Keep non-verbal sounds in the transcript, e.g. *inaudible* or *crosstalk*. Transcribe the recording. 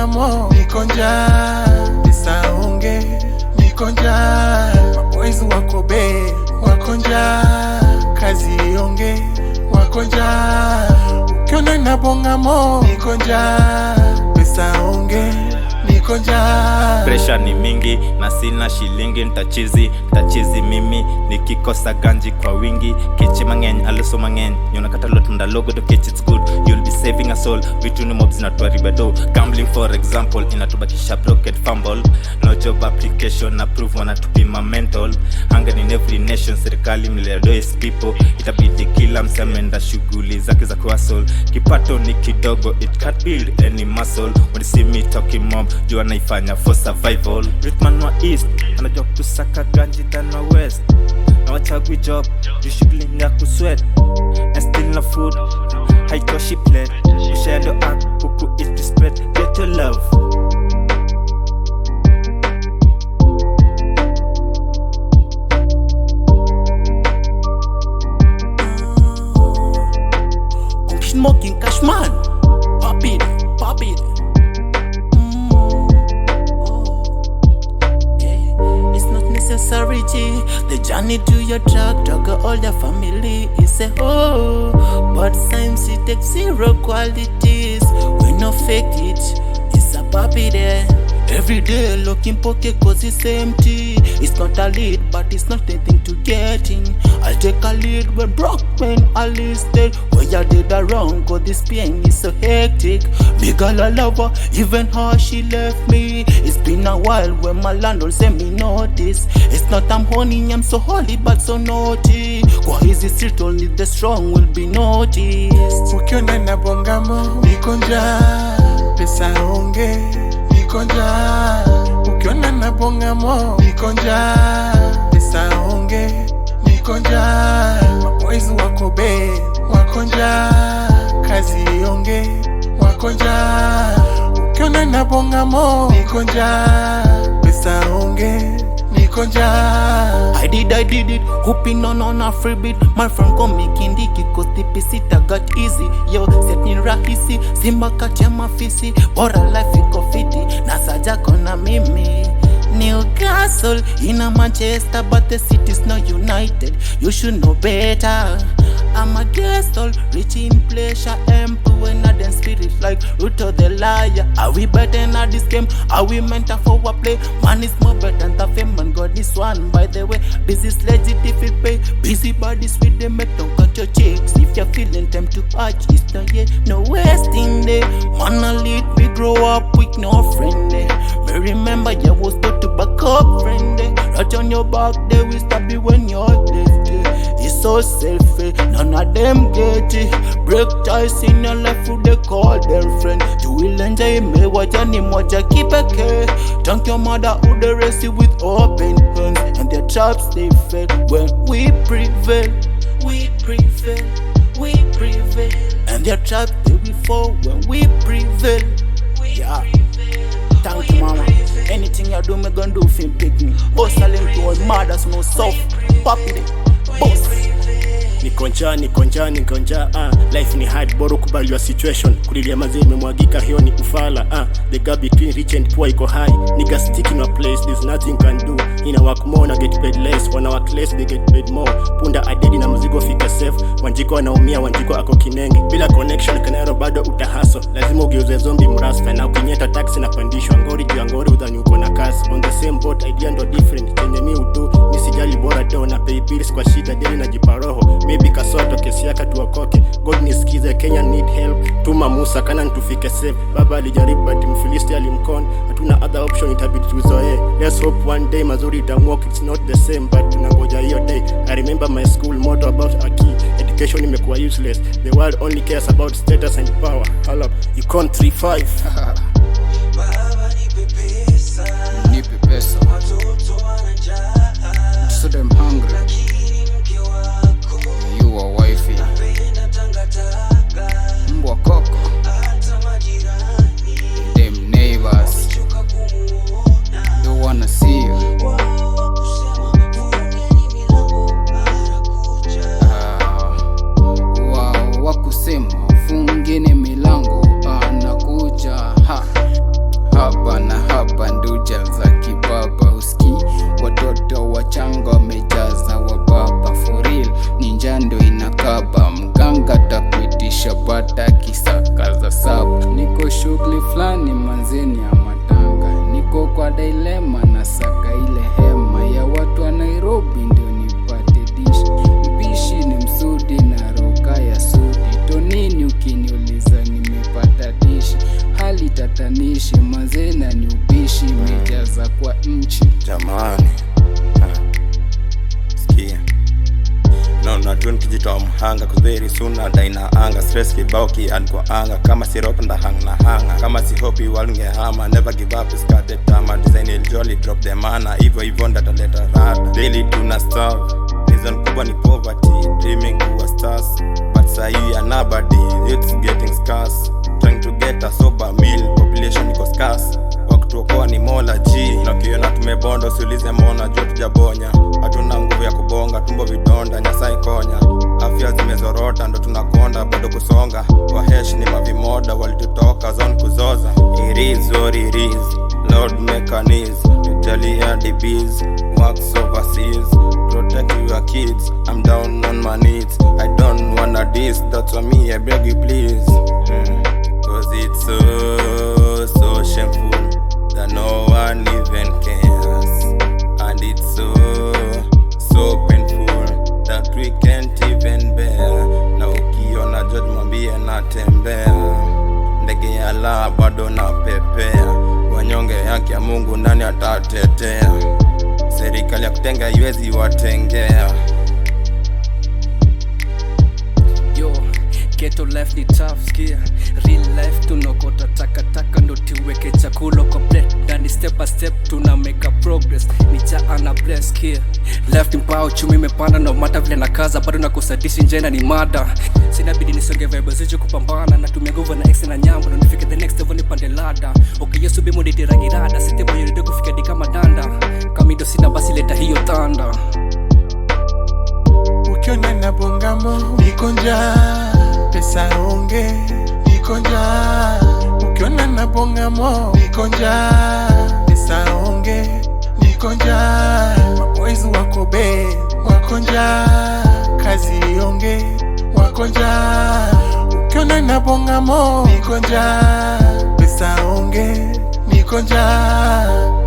nyamo niko njaa, Nisaunge niko njaa, wezi wako be wako njaa, kazi ionge wako njaa, ukiona nabongamo niko njaa, Nisaunge niko njaa. Presha ni mingi na sina shilingi, ntachizi ntachizi mimi nikikosa ganji kwa wingi kichi mang'eny aluso mang'eny nyonakata lotunda logo to kitch it's good you saving a soul vitu ni mobs natuariba do gambling for example inatubakisha broken fumble no job application approve wanatupima mental hunger in every nation serikali mledoes people itabidi kila msemenda shughuli zake za kwa soul kipato ni kidogo it can't build any muscle when you see me talking mob jua naifanya for survival Ritman wa east anajua kusaka ganji than wa west I'm a tag You should discipline that could sweat. And still no food, I got she played. You share the act, who could eat spread, get your love. The journey to your truck, juggle all your family is a oh. But times it takes zero qualities. We no fake it, it's a puppy there. Every day looking pocket cause it's empty. It's not a lead, but it's not anything to get in. Take a lead when broke men are listed. Where you did a wrong, cause this pain is so hectic. Big all a lover, even how she left me. It's been a while when my landlord sent me notice. It's not I'm honey, I'm so holy but so naughty. Kwa hizi street only the strong will be noticed. Ukiona na bongamo, niko pesa onge, niko njaa. Ukiona na bongamo, niko njaa, pesa onge wako njaa, waboizi wako be wako njaa, kazi ionge wako njaa, ukiona na mo, niko njaa, pesa onge niko njaa. I did, I did it, hoping on on a free My friend go making diki cause the got easy. Yo, set ni rahisi, simba kati ya mafisi, bora life iko fiti, na kona mimi Newcastle in a Manchester, but the city's not united. You should know better. I'm a guest all rich in pleasure, empty when I then spirit like root of the liar. Are we better than this game? Are we meant for a play? Man is more better than the fame and God is one. By the way, this is legit if it pay. Busy bodies with the don't cut your cheeks. If you're feeling tempted to arch, it's not yet no wasting day. Man, I lead, we grow up with no friend. Eh? Me remember, you was the back up, friend. They eh. Right on your back, they will stab you when you're left. It's so selfish, eh. none of them get it. Break ties in your life, who they call their friend. You will enjoy me, what your name, what keep a care. Thank your mother who they rest you with open hands. And their traps they fail when we prevail. We prevail, we prevail. And their traps they will fall when we prevail. We yeah. Prevail. Thank you, mama. Anything you do, me gon' do fi pick me. Hustling to all mothers, no soft. Poppy, boss. niko njaa niko njaa niko njaa ah. life ni hard bora kubali your situation kulilia mazee imemwagika hiyo ni ufala ah. the gap between rich and poor iko high nigga stick in a place there's nothing can do in a work more na get paid less wana work less they get paid more punda adedi na mzigo fika safe wanjiko anaumia wanjiko ako kinenge bila connection kanero bado utahaso lazima ugeuze zombie mrasta na ukinyeta taxi na kuandishwa ngori juu ya ngori udhani uko us on the same boat, idea ndo different kenye mi udu misijali, bora deo na pay bills kwa shida deni na jiparoho maybe kasoto kesi yake tuokoke. God nisikize, Kenya need help, tuma Musa kana ntufike save Baba alijaribu but mfilisti alimkon, hatuna other option, itabidi tuzoee. Let's hope one day mazuri itamwok it's not the same but tunangoja hiyo day. I remember my school motto about aki education imekuwa useless, the world only cares about status and power. Hello, you can't 35 *laughs* This. kizitomhanga kuzeri suna anga stress kibao kwa anga kama si rope nda hang na hanga kama si hopi hama never give up iskate tama design iljoli drop the mana hivyo hivyo ndataleta rata daily tuna starve reason kubwa ni poverty dreaming kuwa stars but ya nabadi it's getting scarce trying to get a sober meal population iko scarce anayetuokoa ni Mola g ji nakiona tumebonda, usiulize mona jua tujabonya. Hatuna nguvu ya kubonga, tumbo vidonda, nyasa ikonya Afya zimezorota, ndo tunakonda bado kusonga. Waheshi ni mavimoda, walitutoka zon kuzoza. iriz ririz Lord mechaniz Italia DBs Max overseas protect your kids I'm down on my knees I don't wanna this that's for me I beg you please Mnyonge haki ya Mungu nani atatetea? Serikali ya kutenga iwezi watengea. Yo, keto life ni tough, skia real life tunokota left mbaya, chumi imepanda no mata vile na kaza bado nakosa dishi njena ni mada. Sina bidii nisonge vibe ziju kupambana, natumia nguvu na exe na nyambo ndo nifike the next level nipande lada. Okay, Yesu bimu dite rangi rada, site boyo ndio kufika dika madanda. kamido sina basi leta hiyo tanda. Ukiona na bongamo nikonja pesa onge nikonja njaa. Ukiona na bongamo nikonja pesa onge nikonja kazi wako be, wako kazi yonge wako njaa. Ukiona nabonga mo, niko pesa onge, niko